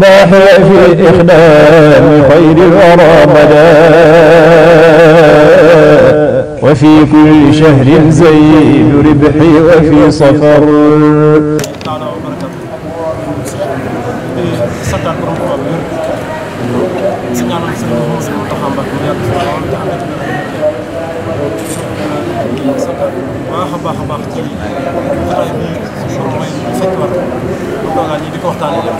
الصباح في إخدام خير الورى بدا وفي كل شهر زيد ربحي وفي صفر baax a baax a baax ci xale bi suñu borom may fekk war bu toogaa ñi di ko waxtaanee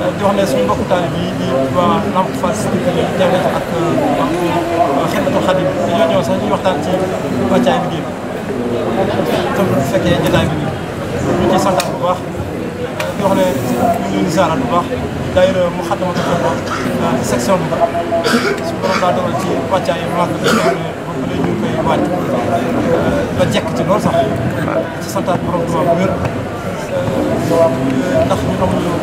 di wax ne suñu mbokku taalib yi di waa Lamp Fall Cité Diabète ak waa euh, euh, Xidmatul Xadim dañoo ñëw sax ñuy waxtaan ci wàccaay liggéey bi te bu fekkee jotaay bi ñu ciy santaat bu baax di wax ne ñu ngi leen di saaraat bu baax daayira mu Xadamatul Xidma section bi su borom daa dogal ci wàccaay mag bi nga xam ne ba léegi ñu ngi koy waaj euh, ba jekk ci lool sax ci santaat borom Tuubaa bu wér ndax ñu amul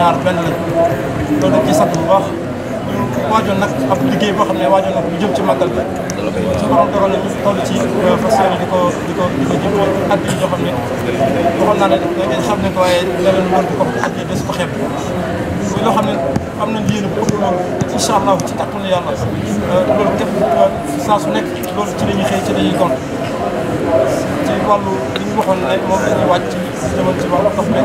ñaar benn lañ loolu dañ ciy sant bu baax waajoon nag ab liggéey boo xam ne waajoon nag lu jëm ci màggal bi ci borom dogal ñu toll ci euh, fas yéene di ko di ko di ko jëm at yi yoo xam ne waxoon naa ne ngeen xam ne ko waaye leneen doon di ko at yi des ko xeeb muy loo xam ne am nañ yéene bu ëpp loolu incha allah ci kàttanu yàlla euh, loolu képp euh, saa su nekk loolu ci la ñuy xëy ci la ñuy gont ci wàllu li ñu waxoon ne moom la wàcc demoon ci wàllu ndox mi ñi ah,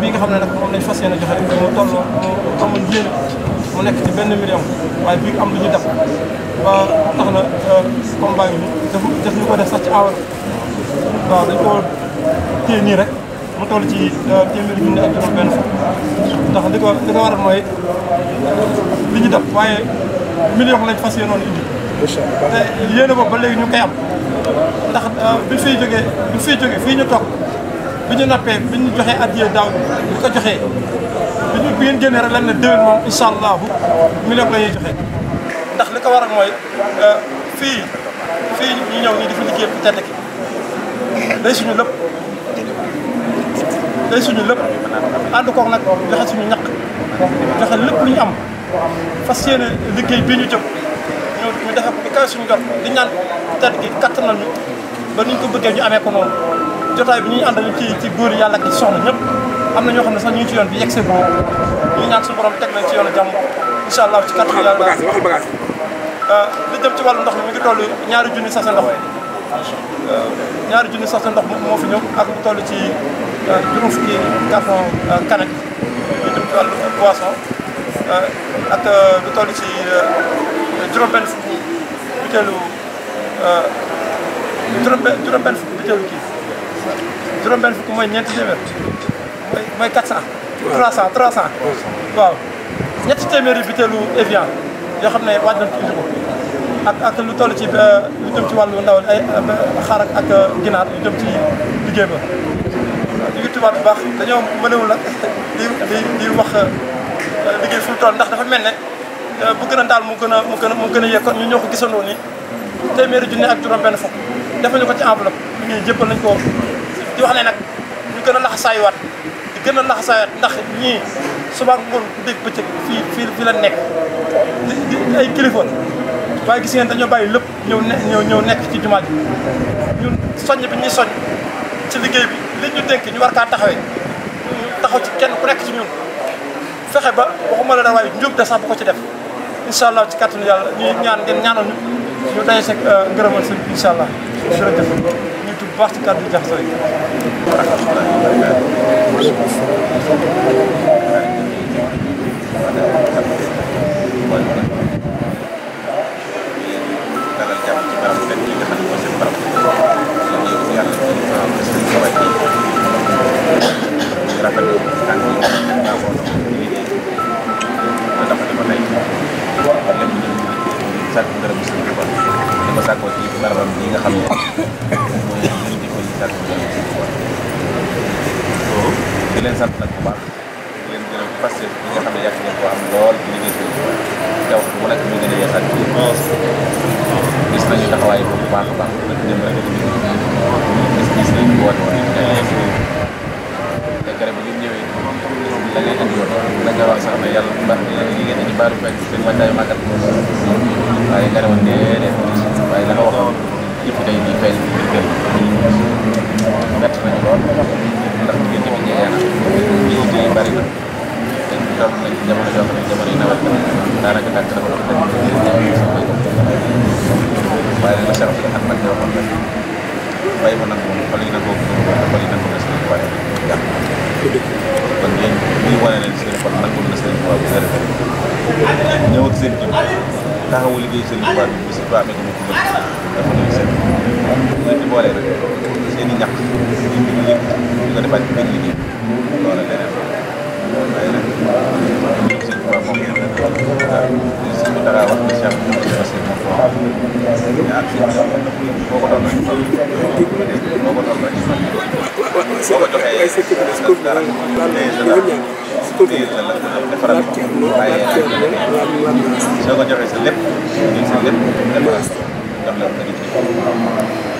bi nga xam ne nag moom lañ fas yéene joxe rek mu toll nekk ci benn million waaye bii am lu ñu def ba tax na euh, combat yi def def ci awal waaw dañ ko téye rek mu toll ci euh, téeméeri junni ak juróom benn ndax li ko li ko waral mooy li ñu def waaye million lañ fas yéenoon indi incha allah te yéen boobu ba léegi ñu koy am ndax euh, bi fiy jógee bi fiy jógee fii ñu toog bi ñu nappee bi ñu joxee addiyee daaw bi ko joxee bi ñu bi ngeen génnee rek lan na déwén moom incha allah li ko waral mooy euh, fii fii ñu ñëw ñu dafa liggéey bu tedd ki suñu lépp day suñu lépp ànd koog nag joxe suñu ñaq joxe lëpp lu ñu am fas yéene liggéey bii ñu jëm ñu ñu defal ko bi kawe suñu jot liñ naan tedd gi kattanal ñu ba niñ ko bëggee ñu amee ko noonu jotaay bi ñu àndal ci ci góor yàlla ak ci soxna ñëpp am na ñoo xam ne sax ñu ci yoon bi yegg see boobu ñu ñaan suñu borom teg nañ ci yoonu jàmm incha allah ci kattan yàlla waxal bagage euh, li jëm ci wàllu ndox mi mi ngi toll ñaari junni sase ndox euh, ñaari junni sase ndox moo fi ñëw ak lu toll ci euh, juróom fukki carton kanak ñu jëm ci wàllu poisson ak lu toll ci Euh, juróom-benn fukki butéelu juróom-benn fukki butéelu kii juróom-benn fukki mooy ñeenti téeméer mooy mooy 400. waaw 300 300. waaw ñetti téeméeri butéelu Evian yoo xam ne waaj nañ ko indi ak lu toll ci euh, ci wàllu ndawal ay euh, xaar ak ginaar lu jëm ci liggéey ba. waaw ñu ngi tubaab bu baax dañoo mënewul nag di di wax liggéey fu toll ndax dafa mel ne. Euh, bu gën a daal mu gën a mu gën a mu gën a yegg ñu ñoo ko gisandoo ni téeméeri junne ak juróom benn fukk defuñu ko ci enveloppe ñu ngi jëppal nañ ko di wax ne nag ñu gën a laxasaayuwaat di gën a laxasaayuwaat ndax ñii suba ngoon dégg bëccëg fii fii fii la nekk di ay kilifa waaye gis ngeen dañoo bàyyi lépp ñëw ne ñëw ñëw nekk ci jumaa yi ñun soññ bi ñuy soññ ci liggéey bi li ñu dénk ñu war kaa taxawee taxaw ci kenn ku nekk ci ñun fexe ba waxuma la dara waaye njuum de sax bu ko ci def incha allah ci kàttanu yàlla ñuy ñaan ngeen ñaanal ñu daje sa euh, ngërëmal sëñ bi incha allah. jërëjëf ñu tudd baax ci kàddu jaxasoo yi. Gracias. nag bu baax di leen gërëm ci fas yéene bi nga xam ne yàgg ngeen ko am lool ci liggéey bi teew bu nekk ñu gën a yeesaat ci gis nañu taxawaay bu baax a baax nag dem rek di gis gis nañu woote woon ñu ay te garab bi ñu ñëwee la ngay indi woon la nga wax sax ne yàlla bu baax li ngeen indi baaru fekk seen wàccaay màggat waaye nga ne woon déedéet waaye la nga waxoon yëpp tey di fay ngir gën bett nañu lool ndax jigéen ñi ñu yeena yitte yi bari na te toog nañ jamono joo xam ne jamono yi nawet la daanaka tàkk na ko doon def waaye ne bàyyi ma nag moom xol yi nag boobu dugg na xol yi nag des nañ waaye jàpp kon yéen ñuy wane leen seen xol nangul na seen xol bi nga defee ñëw ak seen jëm taxawu si baax ñu ci boolee rek seen i ñax ñu ngi yëngu di ko defaat ci biir liggéey loolu leneen waaye nag sëñ Tuubaa moom ngeen rek waaw sëñ bi dara wax na Cheikh parce que moom moo am ñaar sëñ boo ko doon rek boo ko doon rek boo ko joxee dara diir la la defaral ko waaye soo ko joxee sa lépp jël sa lépp defaral jox la ko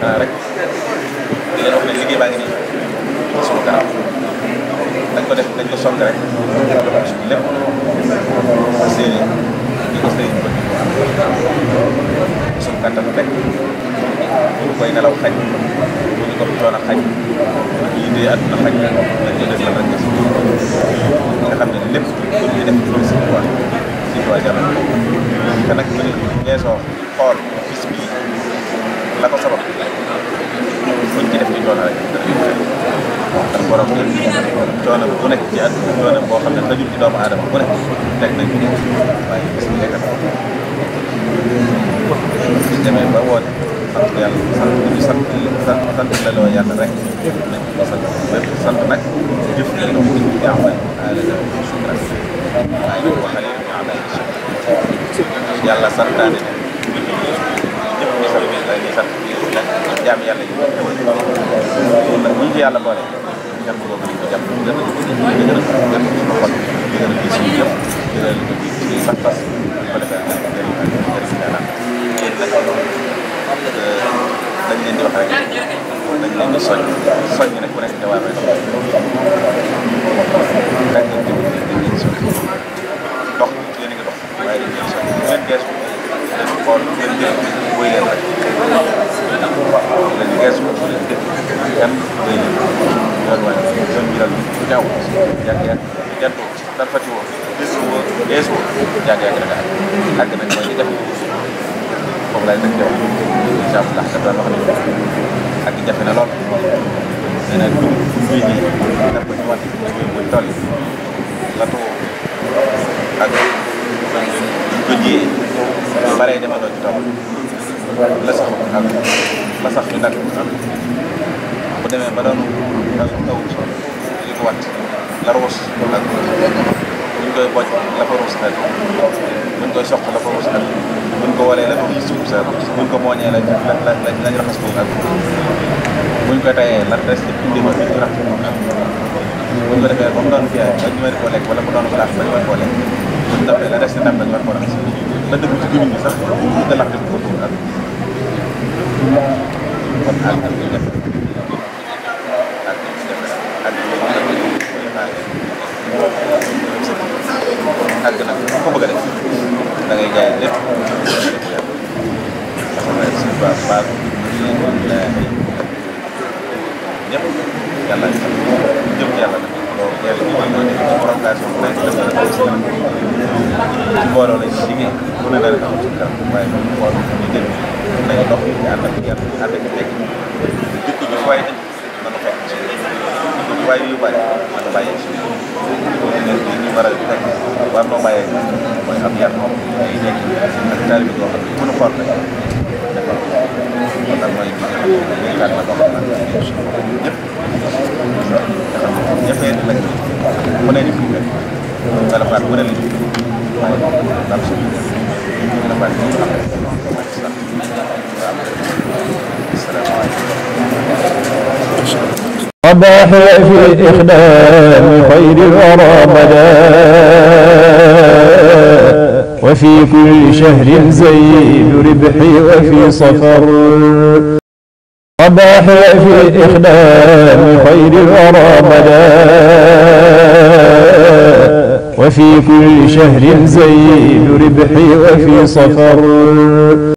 xanaa rek di leen wax ne baa ngi nii suñu kanam dañ ko def dañ ko song rek lépp parce que ñu ko sëriñ ko suñu kàttan rek koy nelaw xaj bu ñu ko doon a xaj ak liggéey àdduna xaj dañ ko def lan rek demee ba woote sant yàlla sant ñu sant sant sant la loo yàlla rek nañ ko sant bépp sant nag jëf la loo xam ne jaaxle naa la def suñu rek waaye ñu waxale ñu am ay yàlla santaane ne ñëpp ñu sant la ñu sant nag jaam yàlla yi loolu nag bu ñu ci yàlla boole jàpp boobu dañ ko jàpp gën a gën a kon ngeen jël wéy leen rek léegi gees ko kenn wéy leen yoon waaye yoon bi daal du ñaaw yàgg-yàgg jantu dara fati woo gis woo gees woo yàgg-yàgg rek àgg nag mooy li def foofu laay teg yow incha allah daf daan wax ne ak jafe na lool nee na du du nii dara ko ci wàll mooy tool yi la tuwoo bare dama doon ci topp la sax ak la sax bi nag bu demee ba doon daal taw li ko wat la ruus ak buñ koy boj la fa ruus dal buñ koy soq la ko sa buñ ko mooñee la la lañ raxas ko ak buñ koy tayee la des ci ko ak buñ ko defee ba mu doon fiyaay ba ñu mën koo lekk wala mu doon ko laaj ba ñu mën koo lekk ndàmpé la resté ndàmpé war ko war a xas ba dëgg ci jiwu ñi sax da ci booloo lañ liggéey mu ne dara am ci kanam waaye ñu xool ñu gën nañ dox ñu ànd ak yar ànd ak teg jikko ji waaye dañ mën a fekk ci waaye yu bari mën a bàyyi ci li ñu war a teg war noo bàyyee mooy am yar moom day nekk ak taalibe boo xam ne mënu xool rek defal ko kon nag mooy liggéey la boo xam ne ñëpp nga xam ne ñëppee nag mu ne ni fi mu ne la faat mu ne la صباحي في إخدام خير الورى بدا وفي كل شهر زيد ربحي وفي صفر صباحي في إخدام خير الورى بدا وفي كل شهر زيد ربحي وفي صفر